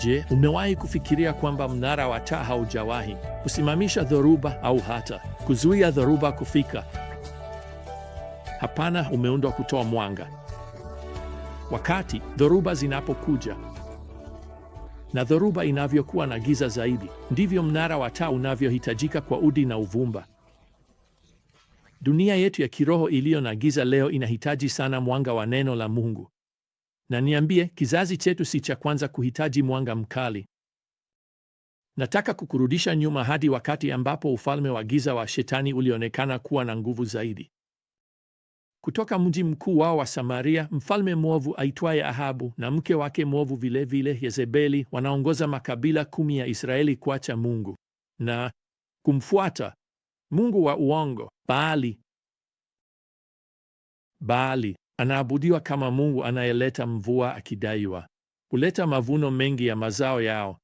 Je, umewahi kufikiria kwamba mnara wa taa haujawahi kusimamisha dhoruba au hata kuzuia dhoruba kufika? Hapana, umeundwa kutoa mwanga wakati dhoruba zinapokuja. Na dhoruba inavyokuwa na giza zaidi, ndivyo mnara wa taa unavyohitajika kwa udi na uvumba. Dunia yetu ya kiroho iliyo na giza leo inahitaji sana mwanga wa neno la Mungu na niambie, kizazi chetu si cha kwanza kuhitaji mwanga mkali. Nataka kukurudisha nyuma hadi wakati ambapo ufalme wa giza wa shetani ulionekana kuwa na nguvu zaidi. Kutoka mji mkuu wao wa Samaria, mfalme mwovu aitwaye Ahabu na mke wake mwovu vilevile Yezebeli wanaongoza makabila kumi ya Israeli kuacha Mungu na kumfuata mungu wa uongo Baali. Baali Anaabudiwa kama Mungu anayeleta mvua, akidaiwa kuleta mavuno mengi ya mazao yao.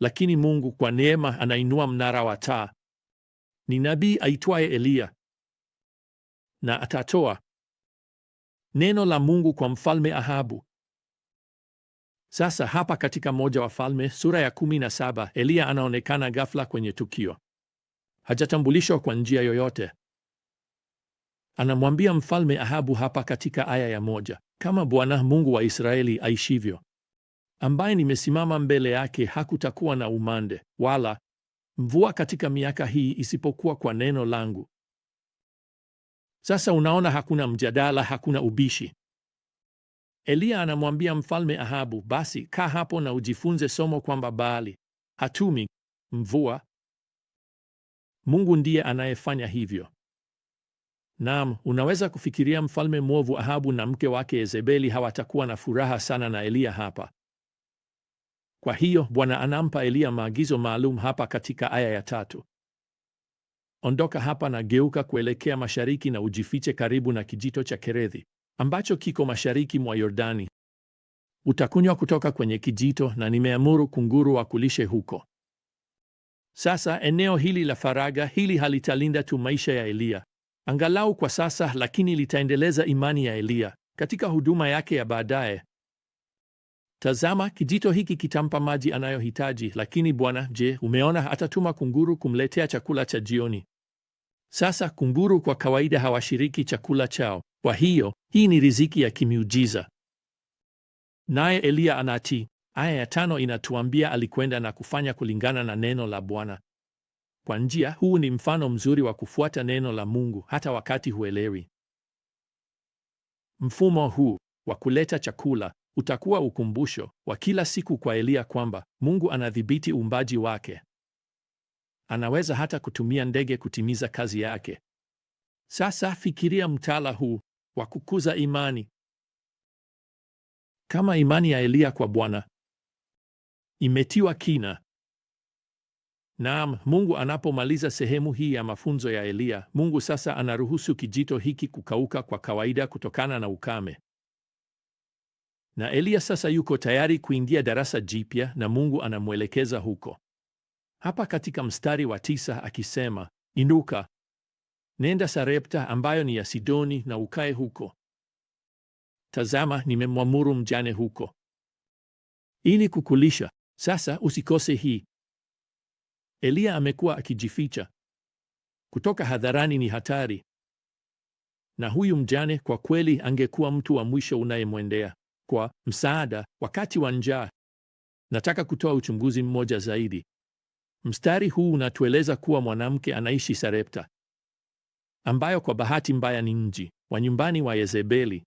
Lakini Mungu kwa neema anainua mnara wa taa. Ni nabii aitwaye Eliya, na atatoa neno la Mungu kwa mfalme Ahabu. Sasa hapa katika moja wa Falme sura ya 17, Eliya anaonekana ghafla kwenye tukio, hajatambulishwa kwa njia yoyote. Anamwambia mfalme Ahabu hapa katika aya ya moja, kama Bwana Mungu wa Israeli aishivyo, ambaye nimesimama mbele yake, hakutakuwa na umande wala mvua katika miaka hii isipokuwa kwa neno langu. Sasa unaona, hakuna mjadala, hakuna ubishi. Eliya anamwambia mfalme Ahabu, basi kaa hapo na ujifunze somo kwamba Baali hatumi mvua. Mungu ndiye anayefanya hivyo. Naam, unaweza kufikiria mfalme mwovu Ahabu na mke wake Yezebeli hawatakuwa na furaha sana na Eliya hapa. Kwa hiyo Bwana anampa Eliya maagizo maalum hapa katika aya ya tatu: ondoka hapa na geuka kuelekea mashariki na ujifiche karibu na kijito cha Kerethi ambacho kiko mashariki mwa Yordani. Utakunywa kutoka kwenye kijito, na nimeamuru kunguru wakulishe huko. Sasa eneo hili la faraga hili halitalinda tu maisha ya Eliya, angalau kwa sasa, lakini litaendeleza imani ya Eliya katika huduma yake ya baadaye. Tazama, kijito hiki kitampa maji anayohitaji, lakini Bwana, je, umeona atatuma kunguru kumletea chakula cha jioni? Sasa kunguru kwa kawaida hawashiriki chakula chao, kwa hiyo hii ni riziki ya kimiujiza. Naye Eliya anatii. Aya ya tano inatuambia alikwenda na kufanya kulingana na neno la Bwana, kwa njia, huu ni mfano mzuri wa kufuata neno la Mungu hata wakati huelewi. Mfumo huu wa kuleta chakula utakuwa ukumbusho wa kila siku kwa Eliya kwamba Mungu anadhibiti uumbaji wake. Anaweza hata kutumia ndege kutimiza kazi yake. Sasa fikiria mtaala huu wa kukuza imani kama imani ya Eliya kwa Bwana imetiwa kina Naam, Mungu anapomaliza sehemu hii ya mafunzo ya Eliya, Mungu sasa anaruhusu kijito hiki kukauka kwa kawaida kutokana na ukame. Na Eliya sasa yuko tayari kuingia darasa jipya na Mungu anamwelekeza huko. Hapa katika mstari wa tisa akisema, inuka, nenda Sarepta ambayo ni ya Sidoni na ukae huko. Tazama, nimemwamuru mjane huko ili kukulisha. Sasa usikose hii. Eliya amekuwa akijificha kutoka hadharani, ni hatari. Na huyu mjane kwa kweli angekuwa mtu wa mwisho unayemwendea kwa msaada wakati wa njaa. Nataka kutoa uchunguzi mmoja zaidi. Mstari huu unatueleza kuwa mwanamke anaishi Sarepta, ambayo kwa bahati mbaya ni mji wa nyumbani wa Yezebeli.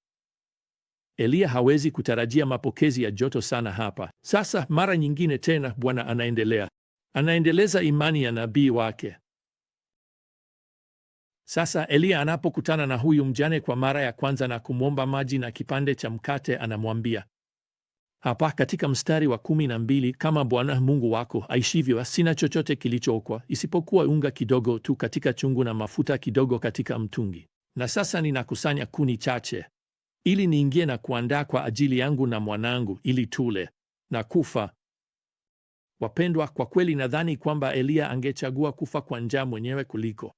Eliya hawezi kutarajia mapokezi ya joto sana hapa. Sasa mara nyingine tena Bwana anaendelea anaendeleza imani ya nabii wake. Sasa Eliya anapokutana na huyu mjane kwa mara ya kwanza na kumwomba maji na kipande cha mkate, anamwambia hapa katika mstari wa kumi na mbili, kama Bwana Mungu wako aishivyo, sina chochote kilichookwa isipokuwa unga kidogo tu katika chungu na mafuta kidogo katika mtungi, na sasa ninakusanya kuni chache ili niingie na kuandaa kwa ajili yangu na mwanangu, ili tule na kufa. Wapendwa, kwa kweli nadhani kwamba Eliya angechagua kufa kwa njaa mwenyewe kuliko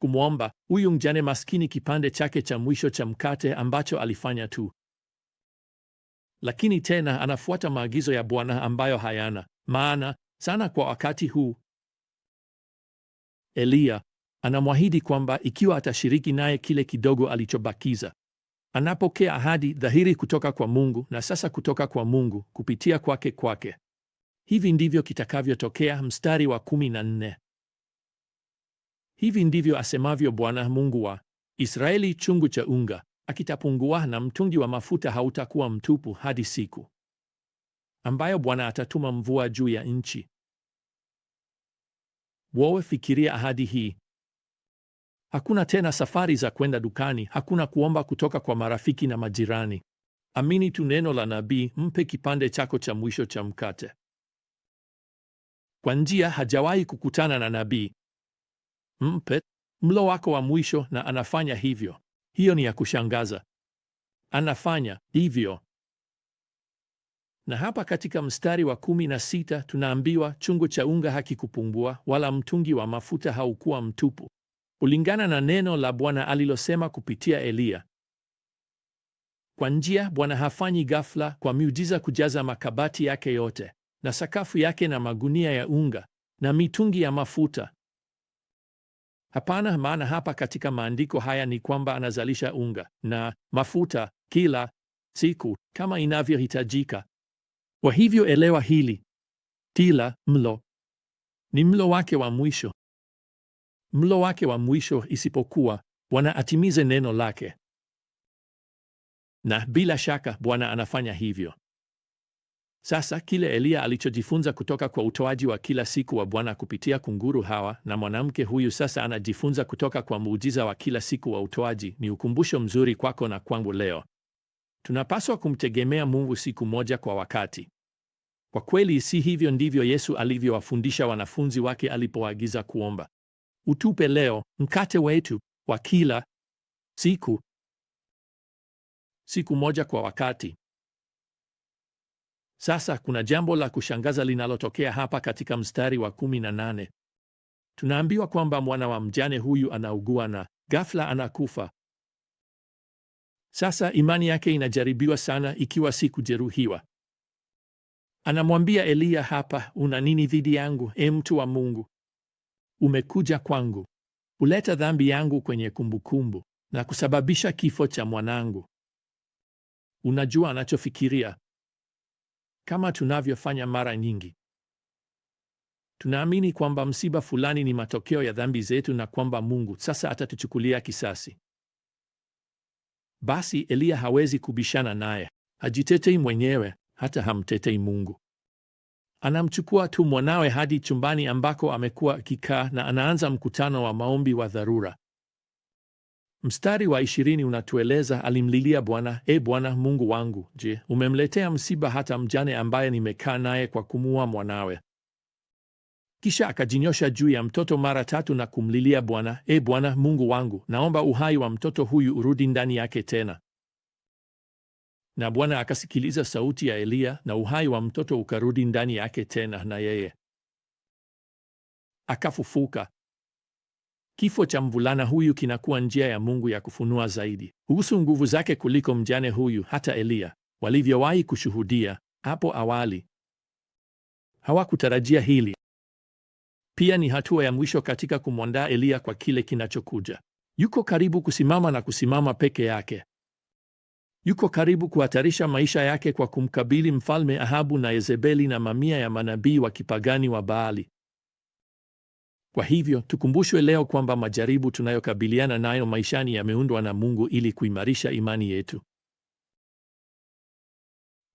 kumwomba huyu mjane maskini kipande chake cha mwisho cha mkate ambacho alifanya tu. Lakini tena anafuata maagizo ya Bwana ambayo hayana maana sana kwa wakati huu. Eliya anamwahidi kwamba ikiwa atashiriki naye kile kidogo alichobakiza, anapokea ahadi dhahiri kutoka kwa Mungu na sasa kutoka kwa Mungu kupitia kwake kwake Hivi ndivyo kitakavyotokea. Mstari wa kumi na nne. Hivi ndivyo asemavyo Bwana Mungu wa Israeli, chungu cha unga akitapungua na mtungi wa mafuta hautakuwa mtupu hadi siku ambayo Bwana atatuma mvua juu ya nchi. Wowe fikiria ahadi hii. Hakuna tena safari za kwenda dukani, hakuna kuomba kutoka kwa marafiki na majirani. Amini tu neno la nabii, mpe kipande chako cha mwisho cha mkate. Kwa njia hajawahi kukutana na nabii. Mpe mlo wako wa mwisho na anafanya hivyo. Hiyo ni ya kushangaza. Anafanya hivyo. Na hapa katika mstari wa kumi na sita tunaambiwa chungu cha unga hakikupungua wala mtungi wa mafuta haukuwa mtupu, kulingana na neno la Bwana alilosema kupitia Eliya. Kwa njia, Bwana hafanyi ghafla kwa miujiza kujaza makabati yake yote na sakafu yake na magunia ya unga na mitungi ya mafuta. Hapana, maana hapa katika maandiko haya ni kwamba anazalisha unga na mafuta kila siku kama inavyohitajika. Kwa hivyo elewa hili, kila mlo ni mlo wake wa mwisho, mlo wake wa mwisho, isipokuwa Bwana atimize neno lake, na bila shaka Bwana anafanya hivyo. Sasa kile Eliya alichojifunza kutoka kwa utoaji wa kila siku wa Bwana kupitia kunguru hawa na mwanamke huyu sasa anajifunza kutoka kwa muujiza wa kila siku wa utoaji ni ukumbusho mzuri kwako na kwangu leo. Tunapaswa kumtegemea Mungu siku moja kwa wakati. Kwa kweli, si hivyo ndivyo Yesu alivyowafundisha wanafunzi wake alipoagiza kuomba, utupe leo mkate wetu wa kila siku, siku moja kwa wakati. Sasa kuna jambo la kushangaza linalotokea hapa katika mstari wa kumi na nane. Tunaambiwa kwamba mwana wa mjane huyu anaugua na ghafla anakufa. Sasa imani yake inajaribiwa sana, ikiwa si kujeruhiwa. Anamwambia Eliya hapa, una nini dhidi yangu, e mtu wa Mungu? Umekuja kwangu, uleta dhambi yangu kwenye kumbukumbu na kusababisha kifo cha mwanangu. Unajua anachofikiria kama tunavyofanya mara nyingi. Tunaamini kwamba msiba fulani ni matokeo ya dhambi zetu na kwamba Mungu sasa atatuchukulia kisasi. Basi Eliya hawezi kubishana naye, hajitetei mwenyewe, hata hamtetei Mungu. Anamchukua tu mwanawe hadi chumbani ambako amekuwa akikaa na anaanza mkutano wa maombi wa dharura. Mstari wa ishirini unatueleza alimlilia Bwana, e Bwana Mungu wangu, je, umemletea msiba hata mjane ambaye nimekaa naye kwa kumua mwanawe? Kisha akajinyosha juu ya mtoto mara tatu na kumlilia Bwana, e Bwana Mungu wangu, naomba uhai wa mtoto huyu urudi ndani yake tena. Na Bwana akasikiliza sauti ya Eliya, na uhai wa mtoto ukarudi ndani yake tena, na yeye akafufuka. Kifo cha mvulana huyu kinakuwa njia ya Mungu ya kufunua zaidi kuhusu nguvu zake kuliko mjane huyu hata Eliya walivyowahi kushuhudia hapo awali. Hawakutarajia hili. Pia ni hatua ya mwisho katika kumwandaa Eliya kwa kile kinachokuja. Yuko karibu kusimama na kusimama peke yake. Yuko karibu kuhatarisha maisha yake kwa kumkabili mfalme Ahabu na Yezebeli na mamia ya manabii wa kipagani wa Baali. Kwa hivyo tukumbushwe leo kwamba majaribu tunayokabiliana nayo maishani yameundwa na Mungu ili kuimarisha imani yetu.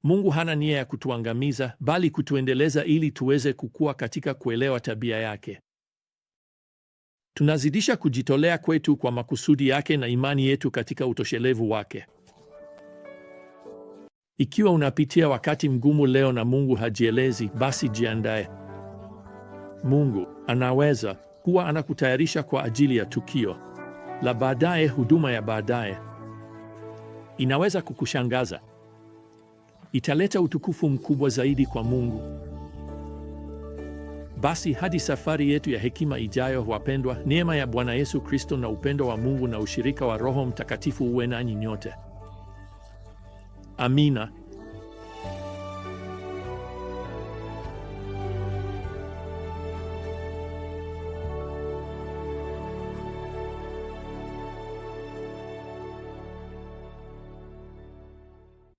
Mungu hana nia ya kutuangamiza, bali kutuendeleza ili tuweze kukua katika kuelewa tabia yake. Tunazidisha kujitolea kwetu kwa makusudi yake na imani yetu katika utoshelevu wake. Ikiwa unapitia wakati mgumu leo na Mungu hajielezi, basi jiandae. Mungu anaweza kuwa anakutayarisha kwa ajili ya tukio la baadaye, huduma ya baadaye. Inaweza kukushangaza, italeta utukufu mkubwa zaidi kwa Mungu. Basi hadi safari yetu ya hekima ijayo, wapendwa, neema ya Bwana Yesu Kristo na upendo wa Mungu na ushirika wa Roho Mtakatifu uwe nanyi nyote. Amina.